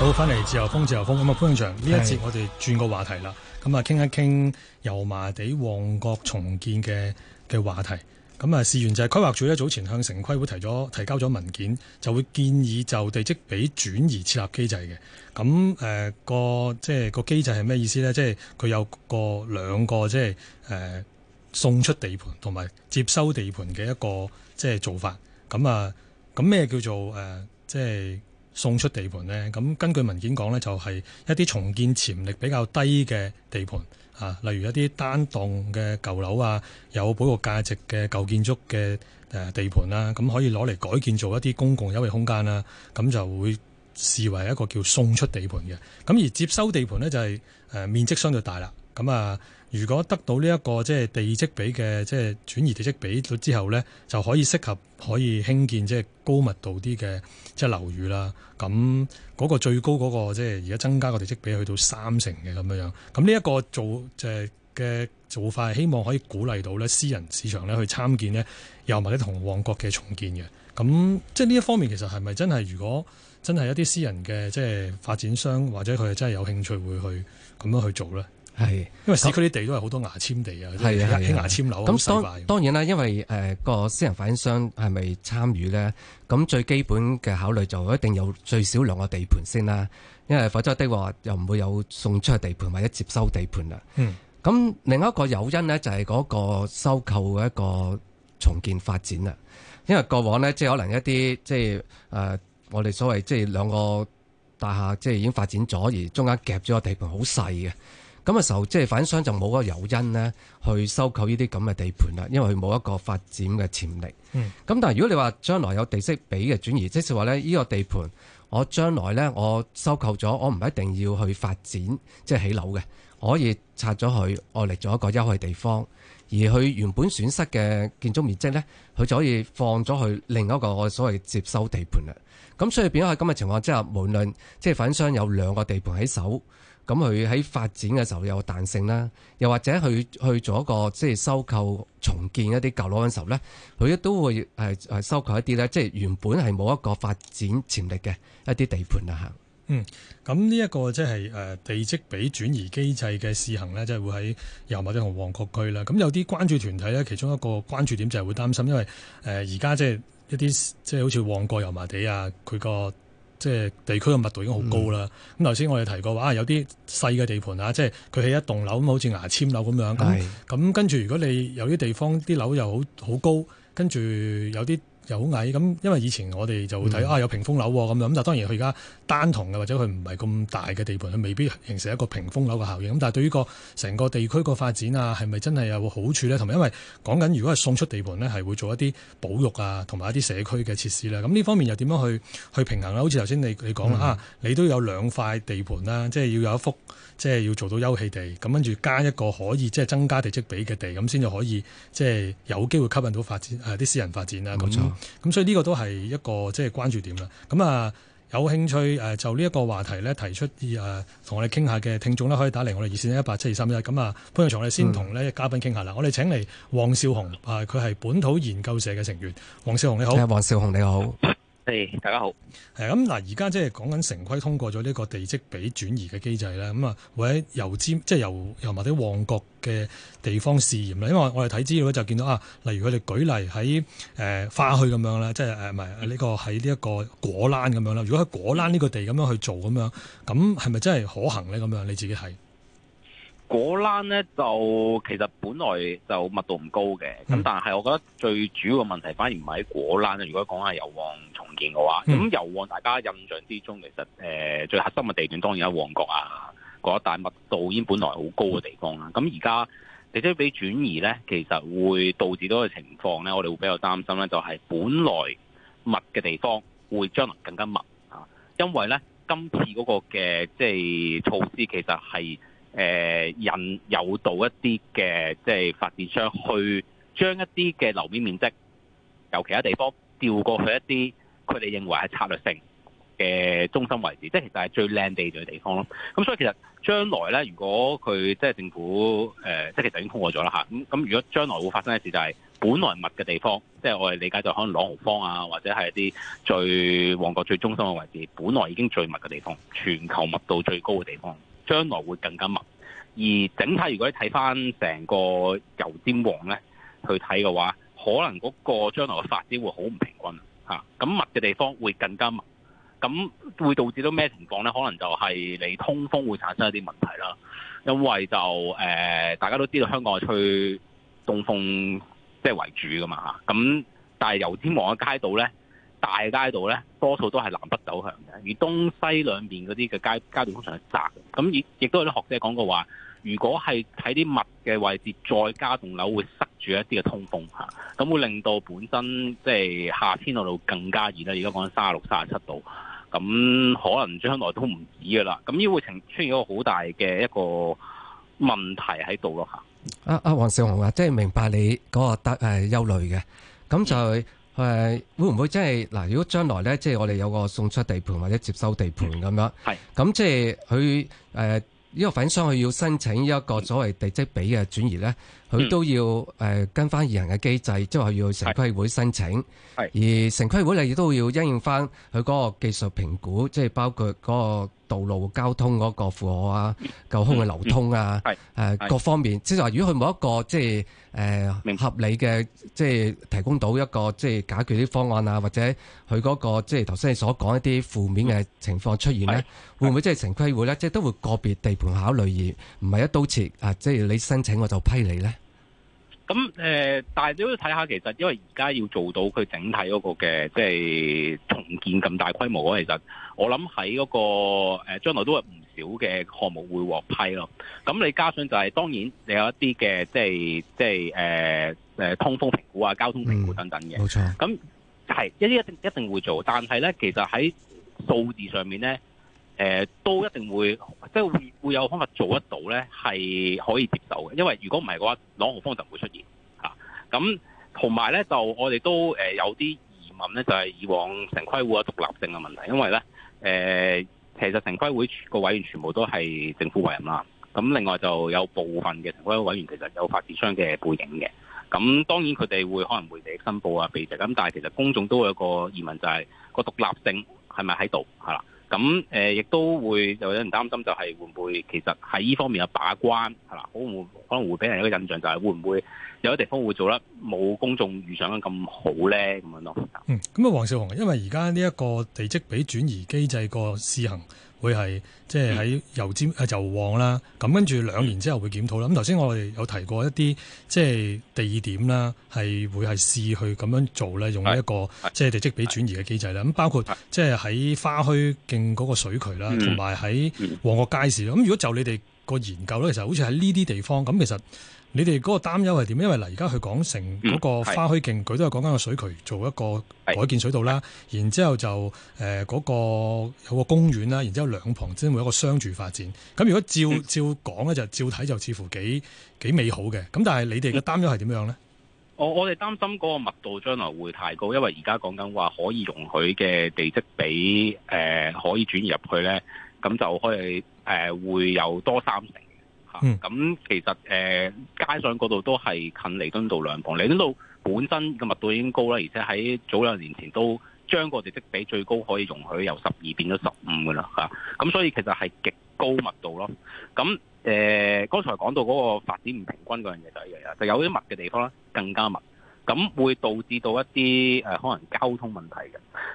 好，翻嚟自由風，自由風。咁啊，潘長，呢一節我哋轉個話題啦。咁啊的，傾一傾油麻地旺角重建嘅嘅話題。咁啊，事源就係規劃署一早前向城規會提咗提交咗文件，就會建議就地積比轉移設立機制嘅。咁，誒個即係個機制係咩意思咧？即係佢有個兩個即係誒，呃、送出地盤同埋接收地盤嘅一個即係做法。咁啊，咁咩叫做誒、呃、即係？送出地盤呢，咁根據文件講呢，就係一啲重建潛力比較低嘅地盤啊，例如一啲單棟嘅舊樓啊，有保育價值嘅舊建築嘅誒地盤啦，咁可以攞嚟改建做一啲公共休憩空間啊，咁就會視為一個叫送出地盤嘅。咁而接收地盤呢，就係誒面積相對大啦，咁啊。如果得到呢一個即係地積比嘅即係轉移地積比之後呢，就可以適合可以興建即係高密度啲嘅即係樓宇啦。咁嗰個最高嗰個即係而家增加個地積比去到三成嘅咁樣樣。咁呢一個做即嘅、呃、做法係希望可以鼓勵到呢私人市場咧去參建咧，又或者同旺角嘅重建嘅。咁即係呢一方面其實係咪真係如果真係一啲私人嘅即係發展商或者佢係真係有興趣會去咁樣去做呢？係，因為市區啲地都係好多牙籤地啊，起牙籤樓咁當當然啦，因為誒個私人發展商係咪參與咧？咁最基本嘅考慮就是、一定有最少兩個地盤先啦，因為否則的話又唔會有送出地盤或者接收地盤啦。咁、嗯、另一個誘因呢，就係、是、嗰個收購嘅一個重建發展啦。因為過往呢，即係可能一啲即係誒、呃、我哋所謂即係兩個大廈，即係已經發展咗而中間夾咗個地盤好細嘅。咁嘅時候，即係發展商就冇個誘因呢去收購呢啲咁嘅地盤啦，因為佢冇一個發展嘅潛力。咁、嗯、但係如果你話將來有地積比嘅轉移，即係話呢，呢個地盤我將來呢，我，我收購咗，我唔一定要去發展，即係起樓嘅，我可以拆咗佢，我嚟咗一個優惠地方，而佢原本損失嘅建築面積呢，佢就可以放咗去另一個我所謂接收地盤啦。咁所以變咗喺咁嘅情況之下，無論即係發展商有兩個地盤喺手。咁佢喺發展嘅時候有彈性啦，又或者佢去做一個即係收購重建一啲舊樓嘅時候咧，佢咧都會誒誒收購一啲咧，即係原本係冇一個發展潛力嘅一啲地盤啊，嚇，嗯，咁呢一個即係誒地積比轉移機制嘅試行呢，即係會喺油麻地同旺角區啦。咁有啲關注團體呢，其中一個關注點就係會擔心，因為誒而家即係一啲即係好似旺角油麻地啊，佢個。即係地區嘅密度已經好高啦。咁頭先我哋提過話，啊，有啲細嘅地盤啊，即係佢起一棟樓咁，好似牙籤樓咁樣。咁是的 跟住，如果你有啲地方啲樓又好好高，跟住有啲。又好矮咁，因為以前我哋就會睇啊有屏風樓咁，咁但係當然佢而家單幢嘅或者佢唔係咁大嘅地盤，佢未必形成一個屏風樓嘅效應。咁但係對於個成個地區個發展啊，係咪真係有個好處咧？同埋因為講緊如果係送出地盤咧，係會做一啲保育啊，同埋一啲社區嘅設施啦。咁呢方面又點樣去去平衡咧？好似頭先你、嗯、你講啦，啊你都有兩塊地盤啦，即係要有一幅即係要做到休憩地，咁跟住加一個可以即係增加地積比嘅地，咁先至可以即係有機會吸引到發展啲、啊、私人發展啦。咁、嗯咁、嗯、所以呢個都係一個即係關注點啦。咁、嗯、啊，有興趣誒、呃、就呢一個話題咧提出誒，同、呃、我哋傾下嘅聽眾咧，可以打嚟我哋二綫一八七二三一。咁啊，潘永祥我哋先同咧嘉賓傾下啦。我哋請嚟黃肇鴻，啊佢係本土研究社嘅成員。黃肇鴻你好，係黃肇鴻你好。誒，大家好。誒、啊，咁嗱，而家即係講緊城規通過咗呢個地積比轉移嘅機制咧，咁、啊、就是，或者油尖，即係油又或者旺角嘅地方試驗啦。因為我哋睇資料就見到啊，例如佢哋舉例喺誒、呃、花墟咁樣啦，即係誒唔係呢個喺呢一個果欄咁樣啦。如果喺果欄呢個地咁樣去做咁樣，咁係咪真係可行咧？咁樣你自己睇。果欄咧就其實本來就密度唔高嘅，咁但係我覺得最主要嘅問題反而唔係喺果欄。如果講係油旺重建嘅話，咁油旺大家印象之中其實誒、呃、最核心嘅地段當然喺旺角啊，嗰一帶密度已經本來好高嘅地方啦。咁而家地積比轉移咧，其實會導致到嘅情況咧，我哋會比較擔心咧，就係、是、本來密嘅地方會將來更加密啊，因為咧今次嗰個嘅即係措施其實係。誒引誘到一啲嘅即係發展商去將一啲嘅樓面面積由其他地方調過去一啲佢哋認為係策略性嘅中心位置，即係其實係最靚地嘅地方咯。咁所以其實將來呢，如果佢即係政府誒、呃，即係其實已經通過咗啦嚇。咁咁如果將來會發生嘅事，就係本來密嘅地方，即係我哋理解就可能朗豪坊啊，或者係一啲最旺角最中心嘅位置，本來已經最密嘅地方，全球密度最高嘅地方。將來會更加密，而整體如果你睇翻成個油尖旺咧去睇嘅話，可能嗰個將來嘅發展會好唔平均嚇，咁、啊、密嘅地方會更加密，咁、啊、會導致到咩情況咧？可能就係你通風會產生一啲問題啦，因為就誒、呃、大家都知道香港係吹東風即係為主噶嘛嚇，咁、啊、但係油尖旺嘅街道咧。大街道咧，多數都係南北走向嘅，而東西兩邊嗰啲嘅街街道通常係窄。咁亦亦都有啲學者講過話，如果係喺啲密嘅位置，再加棟樓會塞住一啲嘅通風嚇，咁會令到本身即係夏天嗰度更加熱啦。而家講緊卅六、卅七度，咁可能將來都唔止噶啦。咁呢會情出現一個好大嘅一個問題喺度咯吓，阿阿黃肇鴻啊，啊紅即係明白你嗰、那個得誒、呃、憂慮嘅，咁就係。嗯誒，會唔會即係嗱？如果將來咧，即係我哋有個送出地盤或者接收地盤咁樣，係咁、嗯、即係佢誒、呢、呃這個粉商，佢要申請一個所謂地積比嘅轉移咧。佢都、嗯、要誒跟翻二人嘅機制，即係話要去城規會申請。係而城規會你亦都要因應翻佢嗰個技術評估，即係包括嗰個道路交通嗰個負荷啊、夠空嘅流通啊，係誒各方面。即係話如果佢冇一個即係誒合理嘅，即、就、係、是、提供到一個即係解決啲方案啊，或者佢嗰、那個即係頭先你所講一啲負面嘅情況出現咧，嗯、是會唔會即係城規會咧？即、就、係、是、都會個別地盤考慮而唔係一刀切啊！即、啊、係、就是、你申請我就批你咧。咁誒、呃，但係你都要睇下，其實因為而家要做到佢整體嗰個嘅即係重建咁大規模啊，其實我諗喺嗰個誒將、呃、來都有唔少嘅項目會獲批咯。咁你加上就係、是、當然，你有一啲嘅即係即係誒誒通風評估啊、交通評估等等嘅，冇錯、嗯。咁係一啲一定一定會做，但係咧其實喺數字上面咧。誒都一定會，即係會會有方法做得到呢，係可以接受嘅。因為如果唔係嘅話，朗豪坊就唔會出現嚇。咁同埋呢，就我哋都誒、呃、有啲疑問呢，就係、是、以往城規會嘅獨立性嘅問題。因為呢，誒、呃、其實城規會個委員全部都係政府委任啦。咁、啊、另外就有部分嘅城規會委員其實有發展商嘅背景嘅。咁、啊、當然佢哋會可能會寫申報啊、避席咁。但係其實公眾都有個疑問、就是，就係個獨立性係咪喺度？係啦。咁誒，亦都會就有人擔心，就係會唔會其實喺呢方面嘅把關係啦，會唔可能會俾人一個印象，就係會唔會有啲地方會做得冇公眾預想得咁好咧，咁樣咯、嗯。嗯，咁啊，黃肇鴻，因為而家呢一個地積比轉移機制個試行。會係即係喺油尖誒，油旺啦，咁跟住兩年之後會檢討啦。咁頭先我哋有提過一啲即係地點啦，係會係試去咁樣做咧，用一個即係地積比轉移嘅機制咧。咁、嗯、包括即係喺花墟徑嗰個水渠啦，同埋喺旺角街市。咁如果就你哋個研究咧，其實好似喺呢啲地方咁，其實。你哋嗰個擔憂係點？因為嗱，而家去港城嗰個花墟徑，佢、嗯、都係講緊個水渠做一個改建水道啦，是然之後就誒嗰、呃那個有個公園啦，然之後兩旁就會有一個商住發展。咁如果照、嗯、照講咧，就照睇就似乎幾幾美好嘅。咁但係你哋嘅擔憂係點樣咧？我我哋擔心嗰個密度將來會太高，因為而家講緊話可以容許嘅地積比誒、呃、可以轉移入去咧，咁就可以誒、呃呃、會有多三成。咁、嗯啊、其實誒、呃、街上嗰度都係近彌敦道兩旁，彌敦道本身嘅密度已經高啦，而且喺早兩年前都將個地積比最高可以容許由十二變咗十五噶啦，嚇、啊！咁、啊、所以其實係極高密度咯。咁、啊、誒，剛才講到嗰個發展唔平均嗰樣嘢就一樣啦，就有啲密嘅地方啦，更加密。咁會導致到一啲誒、呃、可能交通問題嘅，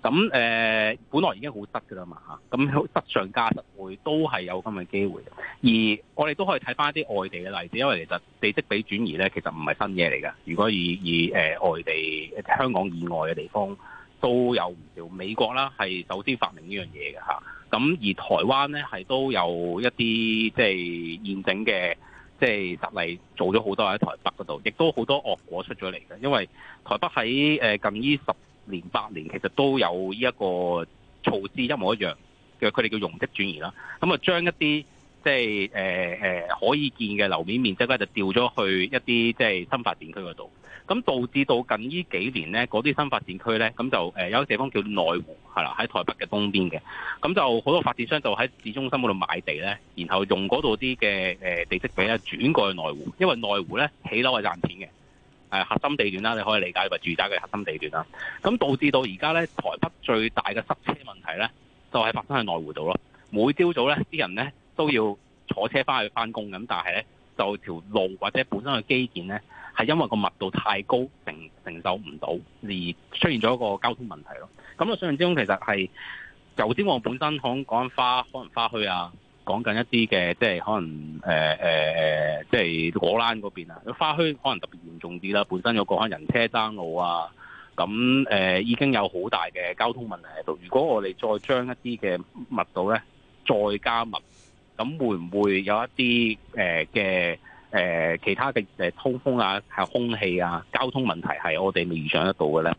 咁誒、呃、本來已經好塞噶啦嘛嚇，咁塞上加塞會都係有咁嘅機會。而我哋都可以睇翻一啲外地嘅例子，因為其實地積比轉移咧其實唔係新嘢嚟嘅。如果以以誒外地，香港以外嘅地方都有唔少，美國啦係首先發明呢樣嘢嘅嚇，咁、啊、而台灣咧係都有一啲即係現整嘅。即係實例，做咗好多喺台北嗰度，亦都好多惡果出咗嚟嘅。因為台北喺誒近呢十年八年，其實都有呢一個措施一模一樣嘅，佢哋叫容積轉移啦。咁啊，將一啲即係誒誒可以建嘅樓面面積咧，就調咗去一啲即係新發展區嗰度。咁導致到近呢幾年呢嗰啲新發展區呢，咁就誒有個地方叫內湖，係啦，喺台北嘅東邊嘅，咁就好多發展商就喺市中心嗰度買地呢，然後用嗰度啲嘅誒地積比呢轉過去內湖，因為內湖呢起樓係賺錢嘅，啊，核心地段啦，你可以理解為住宅嘅核心地段啦。咁導致到而家呢台北最大嘅塞車問題呢，就係發生喺內湖度咯。每朝早呢啲人呢都要坐車翻去翻工咁，但係呢，就條路或者本身嘅基建呢，係因為個密度太高，承承受唔到而出現咗一個交通問題咯。咁我想像之中其實係頭先我本身講講花可能花墟啊，講緊一啲嘅即係可能誒誒、呃呃，即係果欄嗰邊啊，花墟可能特別嚴重啲啦。本身有個可能人車爭路啊，咁誒、呃、已經有好大嘅交通問題喺度。如果我哋再將一啲嘅密度呢，再加密。咁會唔會有一啲誒嘅誒其他嘅誒通風啊、係空氣啊、交通問題係我哋未預想得到嘅咧？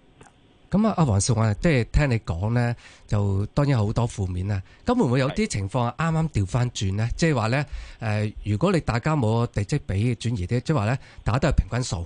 咁啊，阿黃少啊，即係聽你講咧，就當然好多負面啊。咁會唔會有啲情況啱啱是調翻轉咧，即係話咧誒，如果你大家冇地積比轉移啲，即係話咧，大家都係平均數。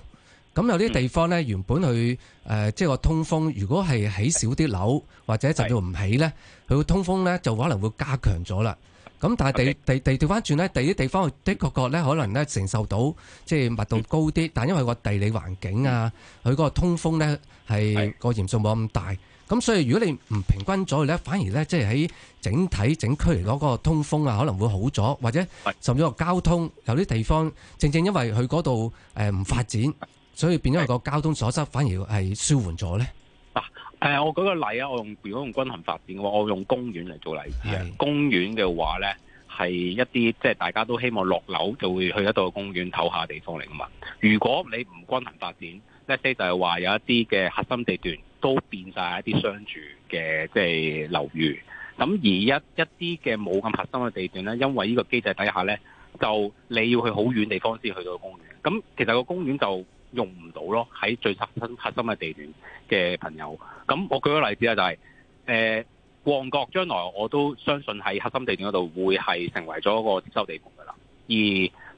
咁有啲地方咧，原本佢誒、呃、即係個通風，如果係起少啲樓或者就要唔起咧，佢個是是通風咧就可能會加強咗啦。咁但係地地地調翻轉咧，地啲地方的確覺咧，可能咧承受到即係密度高啲，但因為個地理環境啊，佢嗰個通風咧係個嚴重冇咁大，咁所以如果你唔平均咗咧，反而咧即係喺整體整區嚟講，個通風啊可能會好咗，或者甚至個交通有啲地方正正因為佢嗰度誒唔發展，所以變咗個交通阻塞反而係舒緩咗咧，啊！誒，我舉個例啊，我用如果用均衡發展嘅話，我用公園嚟做例子的公園嘅話呢，係一啲即係大家都希望落樓就會去得到公園唞下地方嚟噶嘛。如果你唔均衡發展，即係就係話有一啲嘅核心地段都變晒一啲商住嘅即係樓宇，咁而一一啲嘅冇咁核心嘅地段呢，因為呢個機制底下呢，就你要去好遠地方先去到個公園。咁其實個公園就～用唔到咯，喺最核心核心嘅地段嘅朋友，咁我舉個例子啊、就是、就係誒旺角將來我都相信喺核心地段嗰度會係成為咗個接收地盤噶啦。而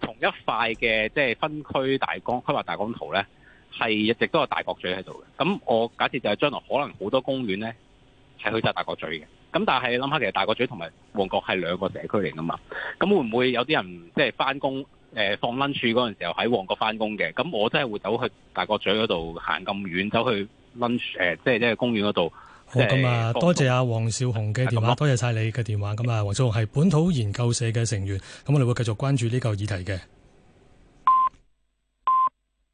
同一塊嘅即係分區大江規劃大江圖呢，係一直都有大角咀喺度嘅。咁我假設就係將來可能好多公園呢，係去晒大角咀嘅。咁但係你諗下其實大角咀同埋旺角係兩個社區嚟噶嘛，咁會唔會有啲人即係翻工，就是誒放 lunch 嗰陣時候喺旺角翻工嘅？咁我真係會走去大角咀嗰度行咁遠，走去 lunch 誒、呃，即係即係公園嗰度。好咁啊！呃、多謝阿黃肇鴻嘅電話，多謝晒你嘅電話。咁啊，黃肇鴻係本土研究社嘅成員，咁我哋會繼續關注呢個議題嘅。